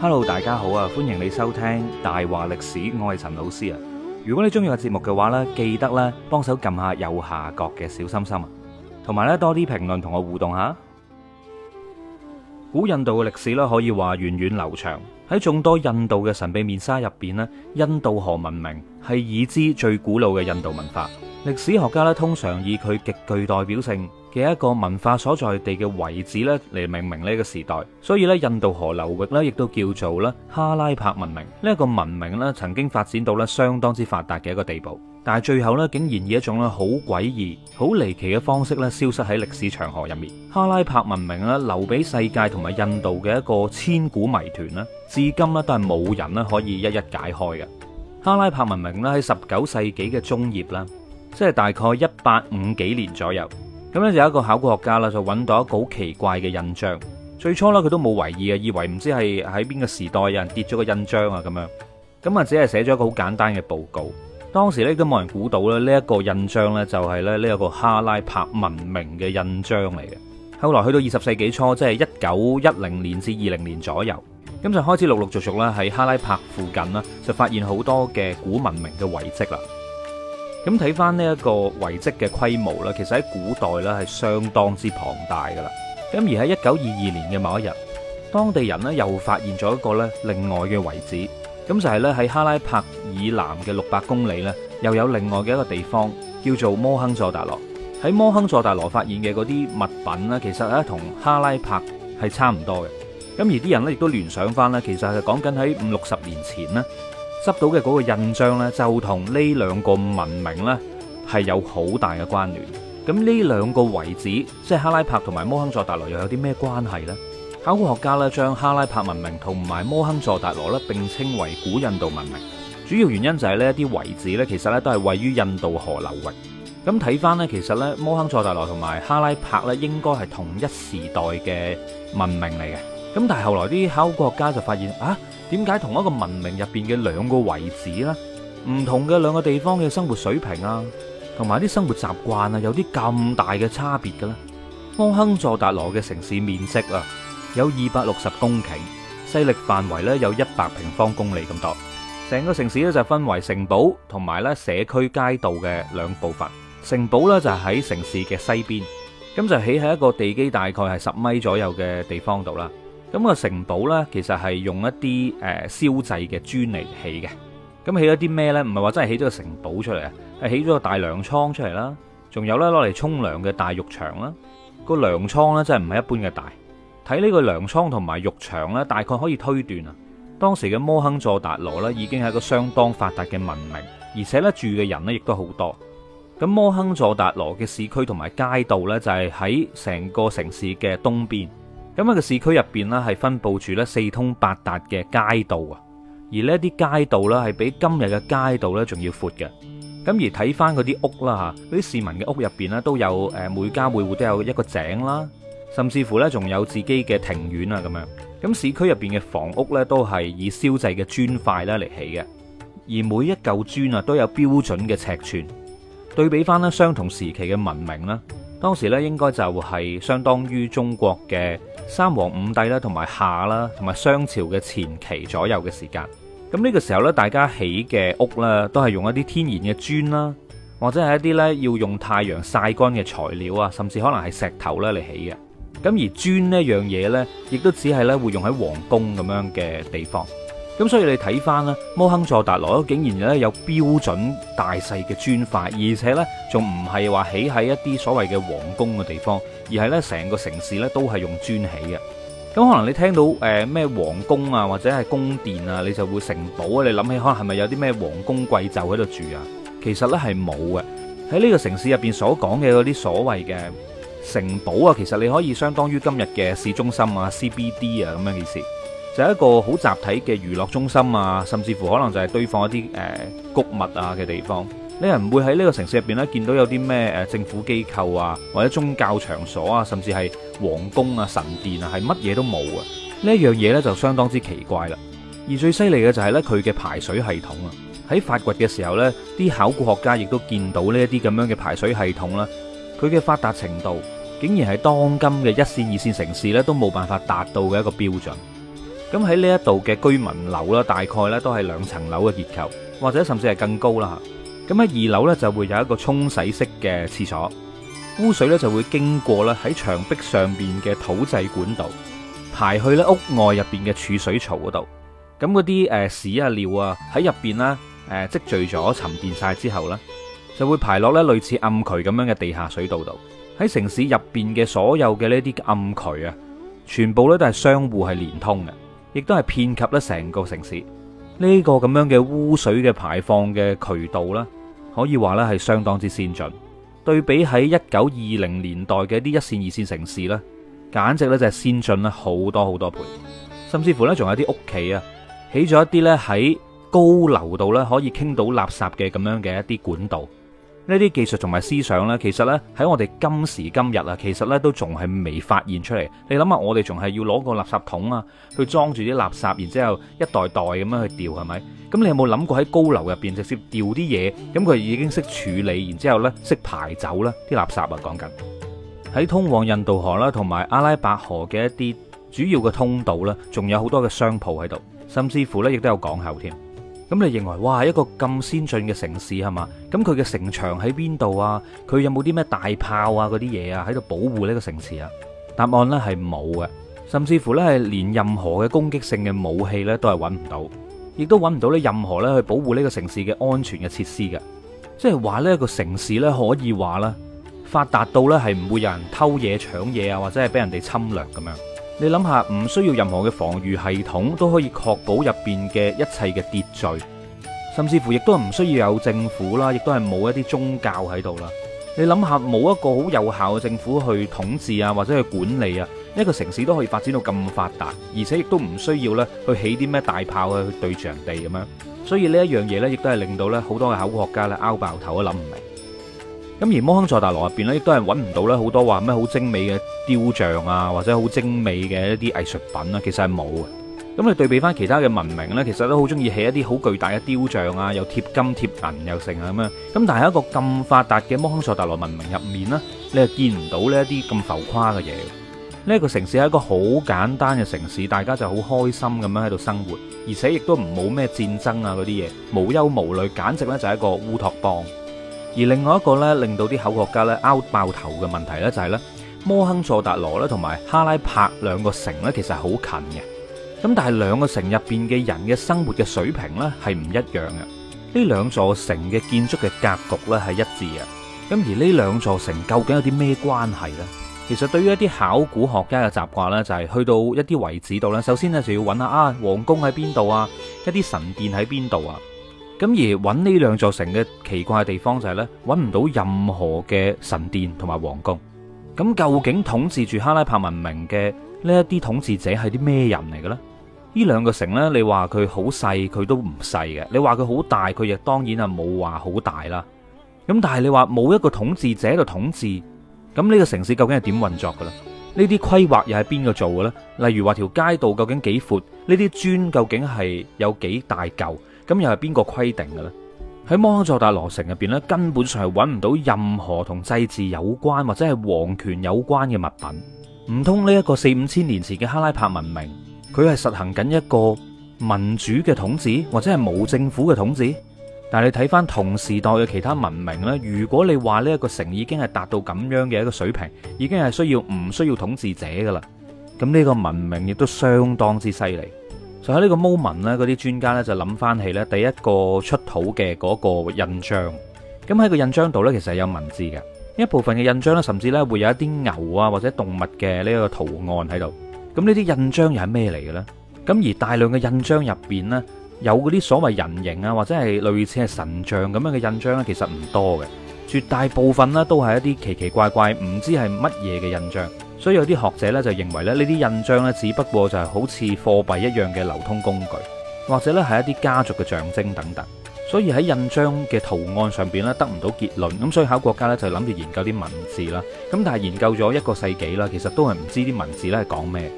Hello，大家好啊！歡迎你收聽大話歷史，我係陳老師啊。如果你中意個節目嘅話呢，記得咧幫手撳下右下角嘅小心心啊，同埋呢多啲評論同我互動下。古印度嘅歷史咧可以話源遠流長，喺眾多印度嘅神秘面紗入邊呢，印度河文明係已知最古老嘅印度文化。歷史學家咧通常以佢極具代表性。嘅一個文化所在地嘅位置咧，嚟命名呢個時代。所以咧，印度河流域咧，亦都叫做咧哈拉帕文明。呢個文明呢，曾經發展到咧相當之發達嘅一個地步，但係最後呢，竟然以一種咧好詭異、好離奇嘅方式咧，消失喺歷史長河入面。哈拉帕文明呢，留俾世界同埋印度嘅一個千古迷團咧，至今呢，都係冇人可以一一解開嘅。哈拉帕文明呢，喺十九世紀嘅中葉啦，即係大概一八五幾年左右。咁咧就有一個考古學家啦，就揾到一個好奇怪嘅印章。最初呢，佢都冇懷疑呀，以為唔知係喺邊個時代有人跌咗個印章啊咁樣。咁啊只係寫咗一個好簡單嘅報告。當時呢，都冇人估到咧呢一個印章呢，就係咧呢個哈拉帕文明嘅印章嚟嘅。後來去到二十世紀初，即係一九一零年至二零年左右，咁就開始陸陸續續啦，喺哈拉帕附近啦，就發現好多嘅古文明嘅遺跡啦。咁睇翻呢一個遺跡嘅規模咧，其實喺古代呢係相當之龐大㗎喇。咁而喺一九二二年嘅某一日，當地人呢又發現咗一個呢另外嘅遺址，咁就係呢，喺哈拉柏哈拉帕以南嘅六百公里呢，又有另外嘅一個地方叫做摩亨佐達羅。喺摩亨佐達羅發現嘅嗰啲物品呢，其實呢同哈拉帕係差唔多嘅。咁而啲人呢亦都聯想翻呢，其實係講緊喺五六十年前呢。執到嘅嗰個印章呢，就同呢兩個文明呢係有好大嘅關聯。咁呢兩個遺址，即係哈拉帕同埋摩亨佐達羅，又有啲咩關係呢？考古學家呢將哈拉帕文明同埋摩亨佐達羅呢並稱為古印度文明，主要原因就係呢一啲遺址呢其實呢都係位於印度河流域。咁睇翻呢，其實呢摩亨佐達羅同埋哈拉帕呢應該係同一時代嘅文明嚟嘅。咁但係後來啲考古學家就發現啊，點解同一個文明入邊嘅兩個遺址咧，唔同嘅兩個地方嘅生活水平啊，同埋啲生活習慣啊，有啲咁大嘅差別嘅咧？摩亨佐達羅嘅城市面積啊，有二百六十公頃，勢力範圍咧有一百平方公里咁多。成個城市咧就分為城堡同埋咧社區街道嘅兩部分。城堡咧就喺城市嘅西邊，咁就起喺一個地基大概係十米左右嘅地方度啦。咁個城堡呢，其實係用一啲誒燒製嘅磚嚟起嘅。咁起咗啲咩呢？唔係話真係起咗個城堡出嚟啊，係起咗個大糧倉出嚟啦。仲有呢，攞嚟沖涼嘅大浴場啦。個糧倉呢，真係唔係一般嘅大。睇呢個糧倉同埋浴場呢，大概可以推斷啊，當時嘅摩亨佐達羅呢，已經係個相當發達嘅文明，而且呢，住嘅人呢亦都好多。咁摩亨佐達羅嘅市區同埋街道呢，就係喺成個城市嘅東邊。咁喺個市區入邊咧，係分布住咧四通八達嘅街道啊，而呢啲街道咧，係比今日嘅街道咧仲要闊嘅。咁而睇翻嗰啲屋啦吓，嗰啲市民嘅屋入邊咧，都有誒每家每戶都有一個井啦，甚至乎咧仲有自己嘅庭院啊咁樣。咁市區入邊嘅房屋咧，都係以燒製嘅磚塊咧嚟起嘅，而每一嚿磚啊都有標準嘅尺寸。對比翻咧相同時期嘅文明啦。當時咧應該就係相當於中國嘅三皇五帝啦，同埋夏啦，同埋商朝嘅前期左右嘅時間。咁、這、呢個時候咧，大家起嘅屋咧都係用一啲天然嘅磚啦，或者係一啲咧要用太陽曬乾嘅材料啊，甚至可能係石頭啦嚟起嘅。咁而磚呢樣嘢咧，亦都只係咧會用喺皇宮咁樣嘅地方。咁所以你睇翻咧，摩亨佐達羅竟然咧有標準大細嘅磚塊，而且咧仲唔係話起喺一啲所謂嘅王宮嘅地方，而係咧成個城市咧都係用磚起嘅。咁可能你聽到誒咩王宮啊，或者係宮殿啊，你就會城堡啊，你諗起可能係咪有啲咩王公貴胄喺度住啊？其實咧係冇嘅。喺呢個城市入邊所講嘅嗰啲所謂嘅城堡啊，其實你可以相當於今日嘅市中心啊、CBD 啊咁樣嘅意思。就係一個好集體嘅娛樂中心啊，甚至乎可能就係堆放一啲誒谷物啊嘅地方。你唔會喺呢個城市入邊咧見到有啲咩誒政府機構啊，或者宗教場所啊，甚至係皇宮啊、神殿啊，係乜嘢都冇啊。呢一樣嘢咧，就相當之奇怪啦。而最犀利嘅就係咧佢嘅排水系統啊。喺發掘嘅時候咧，啲考古學家亦都見到呢一啲咁樣嘅排水系統啦。佢嘅發達程度竟然係當今嘅一線二線城市咧都冇辦法達到嘅一個標準。咁喺呢一度嘅居民樓啦，大概呢都係兩層樓嘅結構，或者甚至係更高啦。咁喺二樓呢，就會有一個沖洗式嘅廁所，污水呢就會經過咧喺牆壁上邊嘅土製管道排去咧屋外入邊嘅儲水槽嗰度。咁嗰啲誒屎啊尿啊喺入邊啦，誒積聚咗沉澱晒之後呢，就會排落咧類似暗渠咁樣嘅地下水道度。喺城市入邊嘅所有嘅呢啲暗渠啊，全部呢都係相互係連通嘅。亦都係遍及咧成個城市，呢個咁樣嘅污水嘅排放嘅渠道，呢可以話呢係相當之先進，對比喺一九二零年代嘅一啲一綫二綫城市呢簡直呢就係先進啦好多好多倍，甚至乎呢仲有啲屋企啊，起咗一啲呢喺高樓度呢可以傾到垃圾嘅咁樣嘅一啲管道。呢啲技術同埋思想呢，其實呢，喺我哋今時今日啊，其實呢都仲係未發現出嚟。你諗下，我哋仲係要攞個垃圾桶啊，去裝住啲垃圾，然之後一袋袋咁樣去掉，係咪？咁你有冇諗過喺高樓入邊直接掉啲嘢？咁佢已經識處理，然之後呢識排走啦啲垃圾啊。講緊喺通往印度河啦同埋阿拉伯河嘅一啲主要嘅通道呢，仲有好多嘅商鋪喺度，甚至乎呢亦都有港口添。咁你認為哇一個咁先進嘅城市係嘛？咁佢嘅城牆喺邊度啊？佢有冇啲咩大炮啊嗰啲嘢啊喺度保護呢個城市啊？答案呢係冇嘅，甚至乎呢係連任何嘅攻擊性嘅武器呢都係揾唔到，亦都揾唔到呢任何呢去保護呢個城市嘅安全嘅設施嘅，即係話呢個城市呢可以話呢發達到呢係唔會有人偷嘢搶嘢啊，或者係俾人哋侵略咁樣。你諗下，唔需要任何嘅防禦系統都可以確保入邊嘅一切嘅秩序，甚至乎亦都唔需要有政府啦，亦都係冇一啲宗教喺度啦。你諗下，冇一個好有效嘅政府去統治啊，或者去管理啊，呢個城市都可以發展到咁發達，而且亦都唔需要咧去起啲咩大炮去對住人地咁樣。所以呢一樣嘢呢，亦都係令到呢好多嘅考古學家咧拗爆頭都諗唔明白。咁而摩亨佐達羅入邊咧，亦都係揾唔到咧好多話咩好精美嘅雕像啊，或者好精美嘅一啲藝術品啊，其實係冇嘅。咁你對比翻其他嘅文明呢，其實都好中意起一啲好巨大嘅雕像啊，又貼金貼銀又成啊咁啊。咁但係一個咁發達嘅摩亨佐達羅文明入面呢，你係見唔到呢一啲咁浮誇嘅嘢。呢一個城市係一個好簡單嘅城市，大家就好開心咁樣喺度生活，而且亦都唔冇咩戰爭啊嗰啲嘢，無憂無慮，簡直呢就係一個烏托邦。而另外一個咧，令到啲考古家咧拗爆頭嘅問題咧、就係，就係咧摩亨佐達羅咧同埋哈拉帕兩個城咧，其實係好近嘅。咁但係兩個城入邊嘅人嘅生活嘅水平咧係唔一樣嘅。呢兩座城嘅建築嘅格局咧係一致嘅。咁而呢兩座城究竟有啲咩關係呢？其實對於一啲考古學家嘅習慣咧，就係、係、去到一啲遺址度咧，首先咧就要揾下啊王宮喺邊度啊，一啲神殿喺邊度啊。咁而揾呢兩座城嘅奇怪嘅地方就係揾唔到任何嘅神殿同埋皇宮。咁究竟統治住哈拉帕文明嘅呢一啲統治者係啲咩人嚟嘅呢？呢兩個城呢，你話佢好細佢都唔細嘅，你話佢好大佢亦當然係冇話好大啦。咁但係你話冇一個統治者喺度統治，咁呢個城市究竟係點運作嘅咧？呢啲規劃又係邊個做嘅咧？例如話條街道究竟幾闊？呢啲磚究竟係有幾大嚿？咁又係邊個規定嘅咧？喺摩亨佐達羅城入邊咧，根本上係揾唔到任何同祭祀有關或者係皇權有關嘅物品。唔通呢一個四五千年前嘅哈拉帕文明，佢係實行緊一個民主嘅統治，或者係冇政府嘅統治？但係你睇翻同時代嘅其他文明呢，如果你話呢一個城已經係達到咁樣嘅一個水平，已經係需要唔需要統治者噶啦？咁呢個文明亦都相當之犀利。就喺呢個 moment 咧，嗰啲專家咧就諗翻起咧，第一個出土嘅嗰個印章，咁喺個印章度咧，其實係有文字嘅。一部分嘅印章咧，甚至咧會有一啲牛啊或者動物嘅呢個圖案喺度。咁呢啲印章又係咩嚟嘅咧？咁而大量嘅印章入邊咧，有嗰啲所謂人形啊或者係類似係神像咁樣嘅印章咧，其實唔多嘅。絕大部分咧都係一啲奇奇怪怪、唔知係乜嘢嘅印章。所以有啲學者咧就認為咧呢啲印章呢，只不過就係好似貨幣一樣嘅流通工具，或者呢係一啲家族嘅象徵等等。所以喺印章嘅圖案上面呢，得唔到結論。咁，所以考古家呢，就諗住研究啲文字啦。咁但係研究咗一個世紀啦，其實都係唔知啲文字咧係講咩。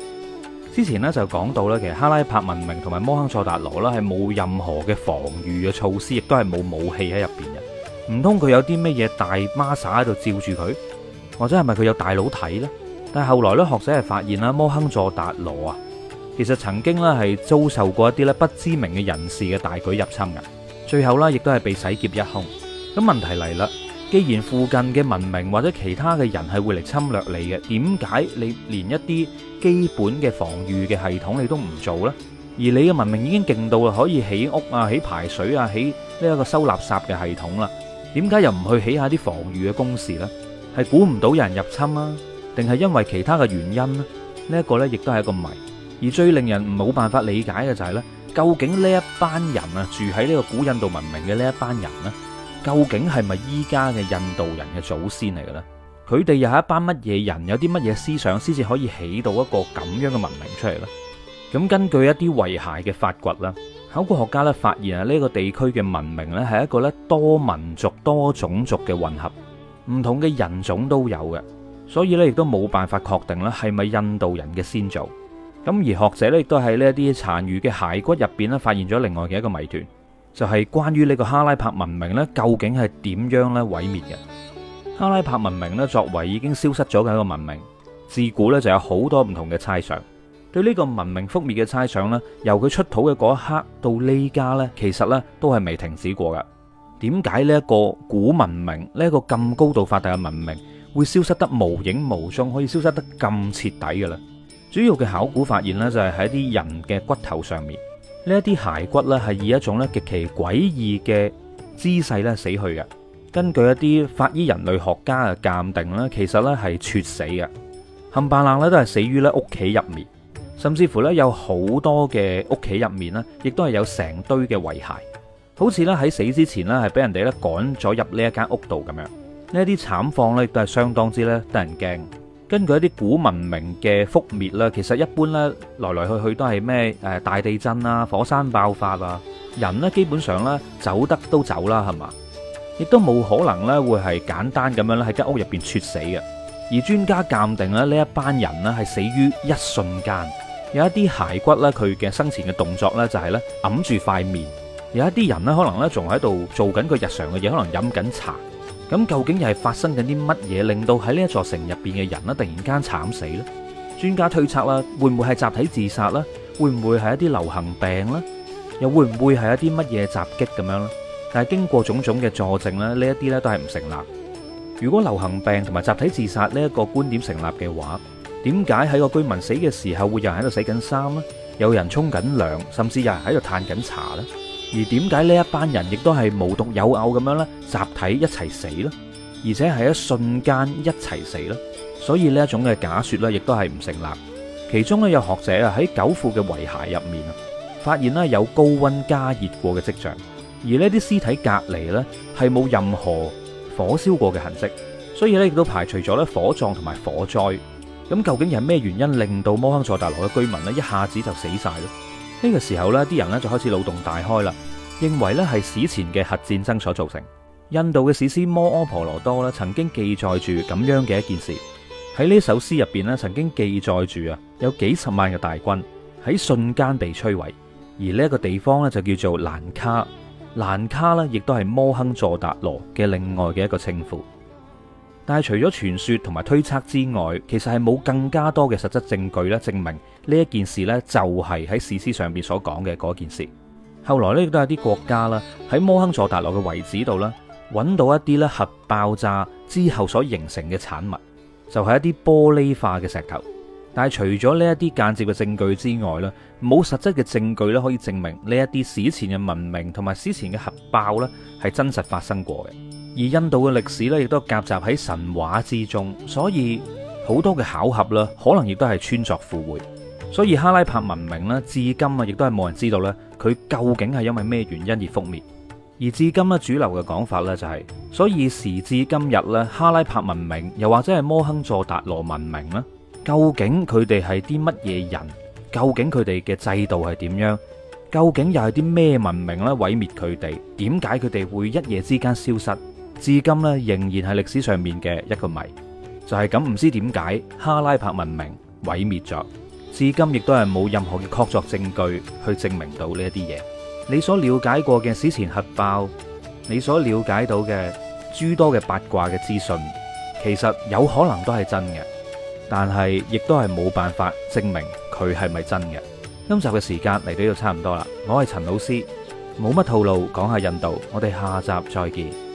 之前呢就講到呢，其實哈拉帕文明同埋摩亨佐達羅啦係冇任何嘅防禦嘅措施，亦都係冇武器喺入面嘅。唔通佢有啲咩嘢大孖砂喺度照住佢，或者係咪佢有大佬睇呢？但係後來咧，學者係發現啦，摩亨佐達羅啊，其實曾經咧係遭受過一啲咧不知名嘅人士嘅大舉入侵嘅。最後啦，亦都係被洗劫一空。咁問題嚟啦，既然附近嘅文明或者其他嘅人係會嚟侵略你嘅，點解你連一啲基本嘅防御嘅系統你都唔做呢？而你嘅文明已經勁到可以起屋啊，起排水啊，起呢一個收垃圾嘅系統啦，點解又唔去起下啲防御嘅工事呢？係估唔到有人入侵啊。定係因為其他嘅原因呢？呢、這個、一個呢亦都係一個謎。而最令人冇辦法理解嘅就係、是、呢究竟呢一班人啊住喺呢個古印度文明嘅呢一班人呢，究竟係咪依家嘅印度人嘅祖先嚟嘅呢？佢哋又係一班乜嘢人？有啲乜嘢思想先至可以起到一個咁樣嘅文明出嚟呢？咁根據一啲遺骸嘅發掘啦，考古學家咧發現啊，呢個地區嘅文明呢係一個呢多民族多種族嘅混合，唔同嘅人種都有嘅。所以咧，亦都冇辦法確定咧，係咪印度人嘅先祖？咁而學者咧，亦都喺呢一啲殘餘嘅骸骨入邊咧，發現咗另外嘅一個謎團，就係關於呢個哈拉帕文明呢，究竟係點樣咧毀滅嘅？哈拉帕文明呢，作為已經消失咗嘅一個文明，自古呢就有好多唔同嘅猜想。對呢個文明覆滅嘅猜想呢，由佢出土嘅嗰一刻到呢家呢，其實呢都係未停止過噶。點解呢一個古文明，呢一個咁高度發達嘅文明，會消失得無影無蹤，可以消失得咁徹底㗎喇。主要嘅考古發現呢，就係喺啲人嘅骨頭上面，呢一啲骸骨呢，係以一種咧極其詭異嘅姿勢咧死去嘅。根據一啲法醫人類學家嘅鑑定呢，其實呢係猝死嘅。冚唪唥咧都係死於咧屋企入面，甚至乎呢有好多嘅屋企入面呢，亦都係有成堆嘅遺骸，好似咧喺死之前呢，係俾人哋咧趕咗入呢一間屋度咁樣。呢啲慘況咧，亦都係相當之咧，得人驚。根據一啲古文明嘅覆滅啦，其實一般咧，來來去去都係咩大地震啊、火山爆發啊，人呢基本上咧走得都走啦，係嘛？亦都冇可能咧會係簡單咁樣咧喺間屋入邊猝死嘅。而專家鑑定咧，呢一班人呢係死於一瞬間有一。有一啲骸骨咧，佢嘅生前嘅動作咧就係咧揞住塊面；有一啲人呢，可能咧仲喺度做緊佢日常嘅嘢，可能飲緊茶。咁究竟又係發生緊啲乜嘢，令到喺呢一座城入邊嘅人咧，突然間慘死呢？專家推測啦，會唔會係集體自殺呢？會唔會係一啲流行病呢？又會唔會係一啲乜嘢襲擊咁樣呢？但係經過種種嘅佐證咧，呢一啲咧都係唔成立。如果流行病同埋集體自殺呢一個觀點成立嘅話，點解喺個居民死嘅時候，會有人喺度洗緊衫呢？有人沖緊涼，甚至有人喺度嘆緊茶呢？而點解呢一班人亦都係無獨有偶咁樣咧，集體一齊死咧，而且係一瞬間一齊死咧，所以呢一種嘅假説咧，亦都係唔成立。其中呢，有學者啊喺九庫嘅遺骸入面啊，發現呢，有高温加熱過嘅跡象，而呢啲屍體隔籬呢，係冇任何火燒過嘅痕跡，所以咧亦都排除咗咧火葬同埋火災。咁究竟係咩原因令到摩亨佐達羅嘅居民咧一下子就死晒呢？呢、這個時候呢啲人呢就開始腦洞大開啦，認為呢係史前嘅核戰爭所造成。印度嘅史詩《摩訶婆羅多》咧，曾經記載住咁樣嘅一件事。喺呢首詩入邊咧，曾經記載住啊，有幾十萬嘅大軍喺瞬間被摧毀，而呢個地方呢就叫做蘭卡。蘭卡呢亦都係摩亨佐達羅嘅另外嘅一個稱呼。但係除咗傳說同埋推測之外，其實係冇更加多嘅實質證據咧，證明呢一件事呢，就係喺史詩上邊所講嘅嗰件事。後來呢，亦都有啲國家啦，喺摩亨佐達羅嘅遺址度啦，揾到一啲咧核爆炸之後所形成嘅產物，就係一啲玻璃化嘅石頭。但係除咗呢一啲間接嘅證據之外呢，冇實質嘅證據咧可以證明呢一啲史前嘅文明同埋史前嘅核爆呢係真實發生過嘅。而印度嘅歷史咧，亦都夾雜喺神話之中，所以好多嘅巧合啦，可能亦都係穿鑿附會。所以哈拉帕文明呢，至今啊，亦都係冇人知道咧，佢究竟係因為咩原因而覆滅。而至今咧，主流嘅講法咧就係，所以時至今日咧，哈拉帕文明又或者係摩亨佐達羅文明呢，究竟佢哋係啲乜嘢人？究竟佢哋嘅制度係點樣？究竟又係啲咩文明咧毀滅佢哋？點解佢哋會一夜之間消失？至今仍然係歷史上面嘅一個謎，就係咁，唔知點解哈拉帕文明毀滅咗，至今亦都係冇任何嘅確鑿證據去證明到呢一啲嘢。你所了解過嘅史前核爆，你所了解到嘅諸多嘅八卦嘅資訊，其實有可能都係真嘅，但係亦都係冇辦法證明佢係咪真嘅。今集嘅時間嚟到呢度差唔多啦，我係陳老師，冇乜套路講下印度，我哋下集再見。